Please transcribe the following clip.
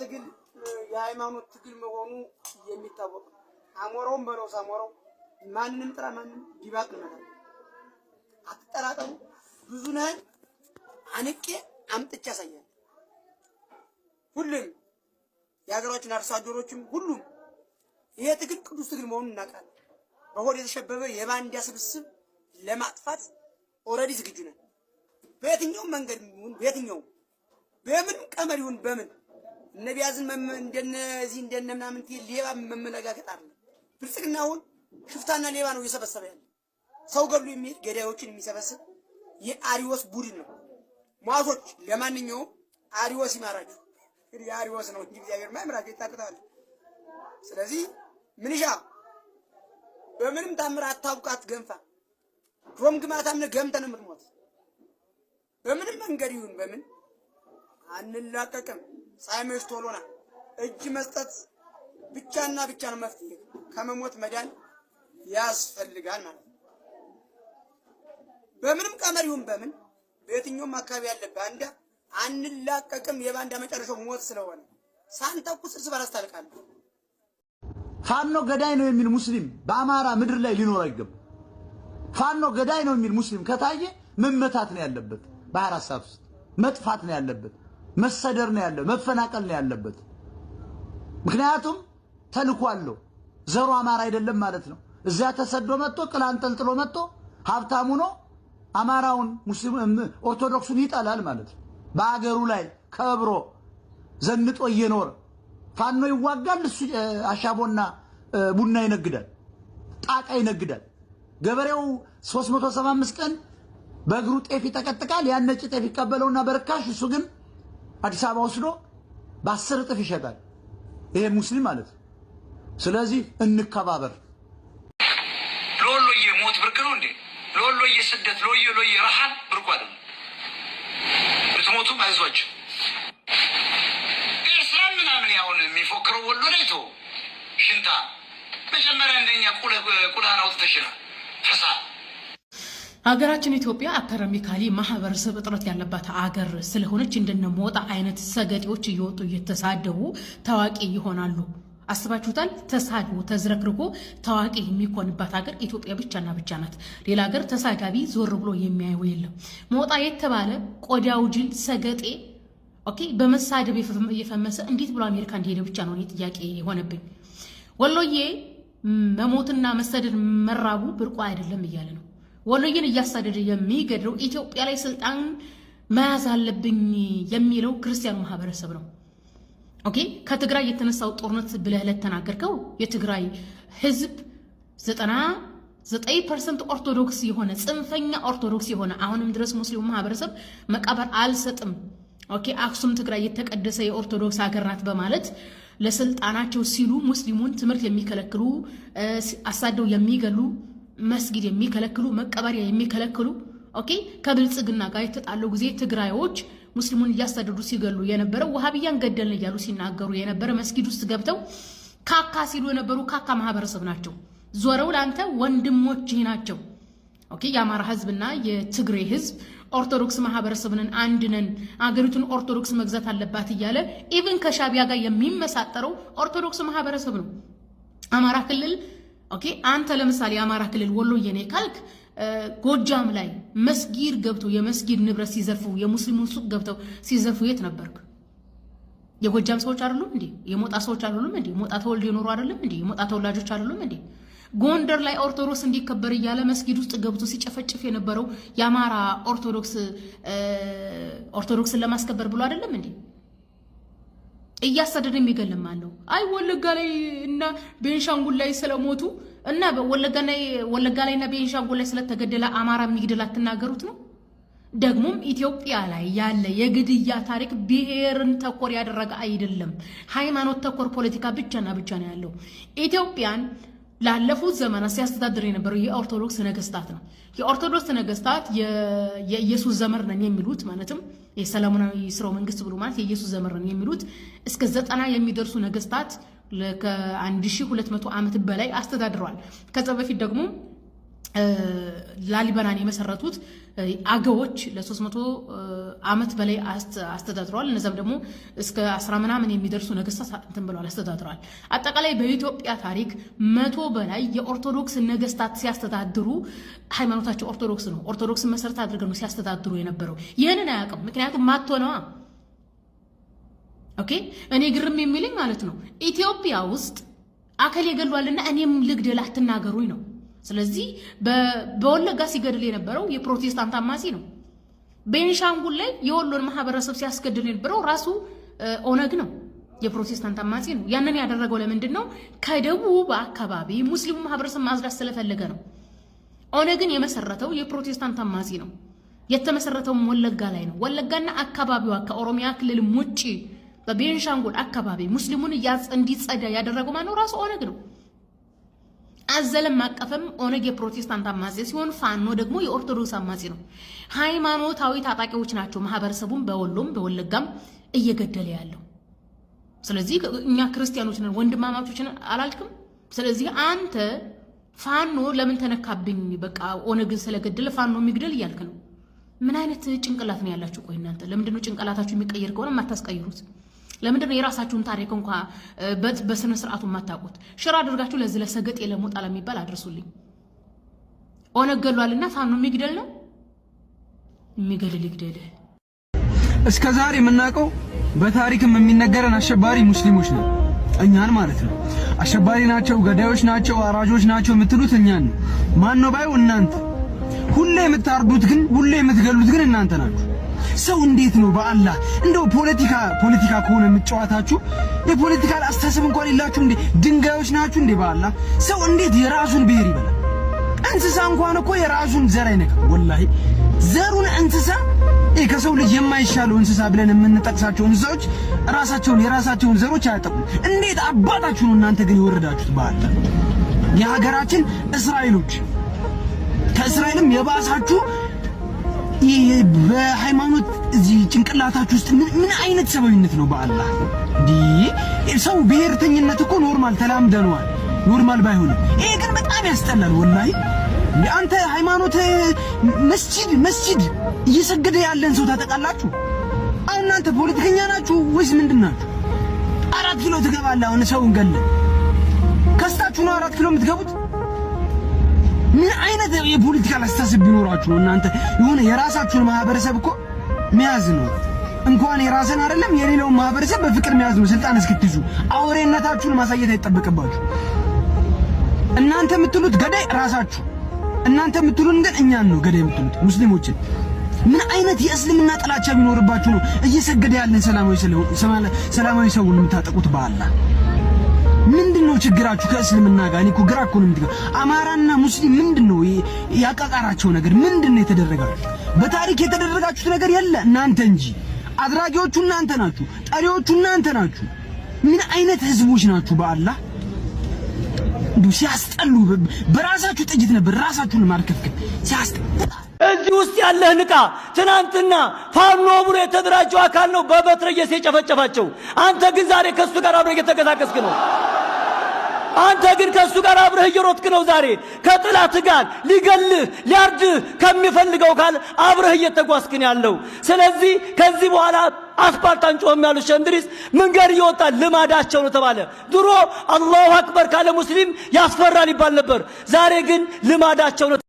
ትግል የሃይማኖት ትግል መሆኑ የሚታወቅ አሞራውን በለው ሳሞራው ማንንም ጥራ ማንንም ዲባቅ ነው። አትጠራጠሩ። ብዙ ነን አንቄ አምጥቼ ያሳያል። ሁሉም የሀገራችን አርሶ አደሮችም ሁሉም ይሄ ትግል ቅዱስ ትግል መሆኑን እናውቃለን። በሆድ የተሸበበ የባንዳ ስብስብ ለማጥፋት ኦልሬዲ ዝግጁ ነን። በየትኛውም መንገድ ይሁን በየትኛውም በምን ቀመር ይሁን በምን ነቢያዝን እንደነዚህ እንደነምናምን ሌባ መመለጋገጥ አለ። ብልጽግና ሽፍታና ሌባ ነው እየሰበሰበ ያለ። ሰው ገብሎ የሚሄድ ገዳዮችን የሚሰበስብ የአሪዎስ ቡድን ነው። ሟቶች ለማንኛውም አሪዎስ ይማራችሁ። እንግዲህ የአሪዎስ ነው እንጂ እግዚአብሔር ማይምራችሁ ይታቅታል። ስለዚህ ምንሻ በምንም ታምር አታውቃት ገንፋ ድሮም ግማታምነ ነህ ነው የምትሞት። በምንም መንገድ ይሁን በምን አንላቀቅም። ሳይመሽ ቶሎና እጅ መስጠት ብቻና ብቻ ነው መፍትሄ። ከመሞት መዳን ያስፈልጋል ማለት ነው። በምንም ቀመር ይሁን በምን በየትኛውም አካባቢ ያለ ባንዳ አንላቀቅም። የባንዳ መጨረሻው ሞት ስለሆነ ሳንተኩስ እርስ በራስ ታልቃለህ። ፋኖ ገዳይ ነው የሚል ሙስሊም በአማራ ምድር ላይ ሊኖር አይገባም። ፋኖ ገዳይ ነው የሚል ሙስሊም ከታየ መመታት ነው ያለበት፣ በአራት ሰዓት ውስጥ መጥፋት ነው ያለበት። መሰደር ነው ያለው፣ መፈናቀል ነው ያለበት። ምክንያቱም ተልኮ አለው። ዘሩ አማራ አይደለም ማለት ነው። እዚያ ተሰዶ መጥቶ ቅላን ጠልጥሎ መጥቶ ሀብታም ሆኖ አማራውን ሙስሊም ኦርቶዶክሱን ይጠላል ማለት ነው። በአገሩ ላይ ከብሮ ዘንጦ እየኖረ ፋኖ ይዋጋል፣ እሱ አሻቦና ቡና ይነግዳል፣ ጣቃ ይነግዳል። ገበሬው 375 ቀን በእግሩ ጤፍ ይጠቀጥቃል። ያን ነጭ ጤፍ ይቀበለውና በርካሽ እሱ ግን አዲስ አበባ ወስዶ በአስር እጥፍ ይሸጣል። ይሄ ሙስሊም ማለት ነው። ስለዚህ እንከባበር። ለወሎዬ ሞት ብርቅ ነው እንዴ? ለወሎዬ ስደት፣ ለወየ ለወየ ረሃብ ብርቁ አይደለም። ብትሞቱም አይዟቸው። ኤርትራ ምናምን ያሁን የሚፎክረው ወሎ ላይቶ ሽንታ መጀመሪያ እንደኛ ቁልህን አውጥተሽናል ፈሳ ሀገራችን ኢትዮጵያ አካዳሚካሊ ማህበረሰብ እጥረት ያለባት አገር ስለሆነች እንደነመወጣ አይነት ሰገጤዎች እየወጡ እየተሳደቡ ታዋቂ ይሆናሉ። አስባችሁታል? ተሳድቦ ተዝረክርኮ ታዋቂ የሚኮንባት ሀገር ኢትዮጵያ ብቻና ብቻ ናት። ሌላ ሀገር ተሳዳቢ ዞር ብሎ የሚያየው የለም። መወጣ የተባለ ቆዳው ጅል ሰገጤ ኦኬ፣ በመሳደብ እየፈመሰ እንዴት ብሎ አሜሪካ እንደሄደ ብቻ ነው እኔ ጥያቄ የሆነብኝ። ወሎዬ መሞትና መሰደድ መራቡ ብርቆ አይደለም እያለ ነው። ወሎዬን እያሳደደ የሚገድለው ኢትዮጵያ ላይ ስልጣን መያዝ አለብኝ የሚለው ክርስቲያኑ ማህበረሰብ ነው። ኦኬ ከትግራይ የተነሳው ጦርነት ብለህ ለተናገርከው የትግራይ ህዝብ ዘጠና ዘጠኝ ፐርሰንት ኦርቶዶክስ የሆነ ጽንፈኛ ኦርቶዶክስ የሆነ አሁንም ድረስ ሙስሊሙ ማህበረሰብ መቃብር አልሰጥም፣ ኦኬ አክሱም ትግራይ የተቀደሰ የኦርቶዶክስ ሀገር ናት በማለት ለስልጣናቸው ሲሉ ሙስሊሙን ትምህርት የሚከለክሉ አሳደው የሚገሉ መስጊድ የሚከለክሉ መቀበሪያ የሚከለክሉ ኦኬ ከብልጽግና ጋር የተጣለው ጊዜ ትግራዮች ሙስሊሙን እያሳደዱ ሲገሉ የነበረው ውሃብያን ገደልን እያሉ ሲናገሩ የነበረ መስጊድ ውስጥ ገብተው ካካ ሲሉ የነበሩ ካካ ማህበረሰብ ናቸው። ዞረው ለአንተ ወንድሞችህ ናቸው። ኦኬ የአማራ ህዝብና የትግሬ ህዝብ ኦርቶዶክስ ማህበረሰብንን አንድነን አገሪቱን ኦርቶዶክስ መግዛት አለባት እያለ ኢቭን ከሻቢያ ጋር የሚመሳጠረው ኦርቶዶክስ ማህበረሰብ ነው። አማራ ክልል ኦኬ አንተ ለምሳሌ የአማራ ክልል ወሎዬ ካልክ ጎጃም ላይ መስጊድ ገብተው የመስጊድ ንብረት ሲዘርፉ የሙስሊሙን ሱቅ ገብተው ሲዘርፉ የት ነበርክ? የጎጃም ሰዎች አይደሉም እንዴ? የሞጣ ሰዎች አይደሉም እንዴ? ሞጣ ተወልዶ የኖሩ አይደለም እንዴ? የሞጣ ተወላጆች አይደሉም እንዴ? ጎንደር ላይ ኦርቶዶክስ እንዲከበር እያለ መስጊድ ውስጥ ገብቶ ሲጨፈጭፍ የነበረው የአማራ ኦርቶዶክስ ኦርቶዶክስን ለማስከበር ብሎ አይደለም እንዴ? እያሳደደ የሚገልም አለው። አይ ወለጋ ላይ እና ቤንሻንጉል ላይ ስለሞቱ እና ወለጋ ላይ እና ቤንሻንጉል ላይ ስለተገደለ አማራ የሚግደል አትናገሩት ነው። ደግሞም ኢትዮጵያ ላይ ያለ የግድያ ታሪክ ብሔርን ተኮር ያደረገ አይደለም። ሃይማኖት ተኮር ፖለቲካ ብቻና ብቻ ነው ያለው ኢትዮጵያን ላለፉት ዘመናት ሲያስተዳድር የነበረው የኦርቶዶክስ ነገስታት ነው። የኦርቶዶክስ ነገስታት የኢየሱስ ዘመር ነን የሚሉት ማለትም የሰለሞናዊ ስርወ መንግስት ብሎ ማለት የኢየሱስ ዘመር ነን የሚሉት እስከ ዘጠና የሚደርሱ ነገስታት ከ1200 ዓመት በላይ አስተዳድረዋል። ከዛ በፊት ደግሞ ላሊበላን የመሰረቱት አገዎች ለ300 ዓመት በላይ አስተዳድረዋል። እነዚም ደግሞ እስከ አስራ ምናምን የሚደርሱ ነገስታት እንትን ብለዋል አስተዳድረዋል። አጠቃላይ በኢትዮጵያ ታሪክ መቶ በላይ የኦርቶዶክስ ነገስታት ሲያስተዳድሩ ሃይማኖታቸው ኦርቶዶክስ ነው። ኦርቶዶክስን መሰረት አድርገው ነው ሲያስተዳድሩ የነበረው። ይህንን አያውቅም። ምክንያቱም ማቶ ነዋ። ኦኬ እኔ ግርም የሚልኝ ማለት ነው ኢትዮጵያ ውስጥ አከል የገሏልና እኔም ልግደል አትናገሩኝ ነው ስለዚህ በወለጋ ሲገድል የነበረው የፕሮቴስታንት አማጺ ነው። ቤንሻንጉል ላይ የወሎን ማህበረሰብ ሲያስገድል የነበረው ራሱ ኦነግ ነው፣ የፕሮቴስታንት አማጺ ነው። ያንን ያደረገው ለምንድን ነው? ከደቡብ አካባቢ ሙስሊሙ ማህበረሰብ ማጽዳት ስለፈለገ ነው። ኦነግን የመሰረተው የፕሮቴስታንት አማጺ ነው። የተመሰረተውም ወለጋ ላይ ነው። ወለጋና አካባቢዋ ከኦሮሚያ ክልልም ውጭ በቤንሻንጉል አካባቢ ሙስሊሙን እንዲጸዳ ያደረገው ማነው? ራሱ ኦነግ ነው። አዘለም አቀፍም ኦነግ የፕሮቴስታንት አማጼ ሲሆን ፋኖ ደግሞ የኦርቶዶክስ አማጺ ነው። ሃይማኖታዊ ታጣቂዎች ናቸው ማህበረሰቡን በወሎም በወለጋም እየገደለ ያለው። ስለዚህ እኛ ክርስቲያኖች ነን ነን አላልክም። ስለዚህ አንተ ፋኖ ለምን ተነካብኝ፣ በቃ ኦነግን ስለገደለ ፋኖ የሚግደል እያልክ ነው። ምን አይነት ጭንቅላት ነው ያላችሁ? ቆይ እናንተ ለምንድነው ጭንቅላታችሁ የሚቀየር ከሆነ የማታስቀይሩት? ለምንድነው የራሳችሁን ታሪክ እንኳ በስነ ስርዓቱ የማታውቁት? ሽር አድርጋችሁ ለዚህ ለሰገጥ የለሞጣ ለሚባል አድርሱልኝ። ኦነገሏልና ገሏልና ፋኖ የሚግደል ነው የሚገድል ይግደል። እስከ ዛሬ የምናውቀው በታሪክም የሚነገረን አሸባሪ ሙስሊሞች ነው፣ እኛን ማለት ነው። አሸባሪ ናቸው፣ ገዳዮች ናቸው፣ አራጆች ናቸው የምትሉት እኛን ነው። ማን ነው ባዩ እናንተ። ሁሌ የምታርዱት ግን ሁሌ የምትገሉት ግን እናንተ ናችሁ። ሰው እንዴት ነው በአላህ እንደው ፖለቲካ ፖለቲካ ከሆነ የምትጨዋታችሁ የፖለቲካ አስተሳሰብ እንኳን የላችሁ እንዴ? ድንጋዮች ናችሁ እንዴ? በአላህ ሰው እንዴት የራሱን ብሔር ይበላል? እንስሳ እንኳን እኮ የራሱን ዘር አይነካ። ወላሂ ዘሩን እንስሳ ከሰው ልጅ የማይሻለው እንስሳ ብለን የምንጠቅሳቸው እንስሳዎች ራሳቸውን የራሳቸውን ዘሮች አያጠቁም። እንዴት አባታችሁ ነው እናንተ ግን የወረዳችሁት በአላህ የሀገራችን እስራኤሎች ከእስራኤልም የባሳችሁ ይህ በሃይማኖት እዚህ ጭንቅላታችሁ ውስጥ ምን አይነት ሰብአዊነት ነው? በአላህ ሰው ብሔርተኝነት እኮ ኖርማል ተላምደነዋል። ኖርማል ባይሆንም ይሄ ግን በጣም ያስጠላል። ወላሂ አንተ ሃይማኖት መስጂድ መስጂድ እየሰገደ ያለን ሰው ታጠቃላችሁ። አሁን እናንተ ፖለቲከኛ ናችሁ ወይስ ምንድን ናችሁ? አራት ኪሎ ትገባለህ። አሁን ሰውን ገለ ከስታችሁ ነው አራት ኪሎ የምትገቡት። ምን አይነት የፖለቲካ አስተሳሰብ ቢኖራችሁ እናንተ የሆነ የራሳችሁን ማህበረሰብ እኮ መያዝ ነው። እንኳን የራስን አይደለም የሌላውን ማህበረሰብ በፍቅር መያዝ ነው። ስልጣን እስክትይዙ አውሬነታችሁን ማሳየት አይጠበቅባችሁ። እናንተ የምትሉት ገዳይ ራሳችሁ፣ እናንተ የምትሉን ግን እኛን ነው ገዳይ የምትሉት ሙስሊሞችን። ምን አይነት የእስልምና ጥላቻ ቢኖርባችሁ ነው እየሰገደ ያለን ሰላማዊ ሰላማዊ ሰውን የምታጠቁት በአላህ ችግራችሁ ከእስልምና ጋር? እኔ እኮ ግራ እኮ ነው። አማራና ሙስሊም ምንድነው ያቃቃራቸው ነገር? ምንድነው የተደረጋችሁ? በታሪክ የተደረጋችሁት ነገር የለ እናንተ እንጂ አድራጊዎቹ እናንተ ናችሁ፣ ጠሪዎቹ እናንተ ናችሁ። ምን አይነት ህዝቦች ናችሁ? በአላህ እንዲሁ ሲያስጠሉ፣ በራሳችሁ ጥጅት ነበር ራሳችሁን ማርከፍከፍ ሲያስጠላ እዚህ ውስጥ ያለህ ንቃ። ትናንትና ፋኖ ብሎ የተደራጀው አካል ነው በበትረ እየሴ አንተ ግን ዛሬ ከሱ ጋር አብረህ እየተንቀሳቀስክ ነው። አንተ ግን ከእሱ ጋር አብረህ እየሮጥክ ነው። ዛሬ ከጥላት ጋር ሊገልህ ሊያርድህ ከሚፈልገው ካል አብረህ እየተጓዝክን ያለው። ስለዚህ ከዚህ በኋላ አስፓልት አንጮህም ያሉት ሸንድሪስ መንገድ እየወጣ ልማዳቸው ነው ተባለ። ድሮ አላሁ አክበር ካለ ሙስሊም ያስፈራል ይባል ነበር። ዛሬ ግን ልማዳቸው ነው።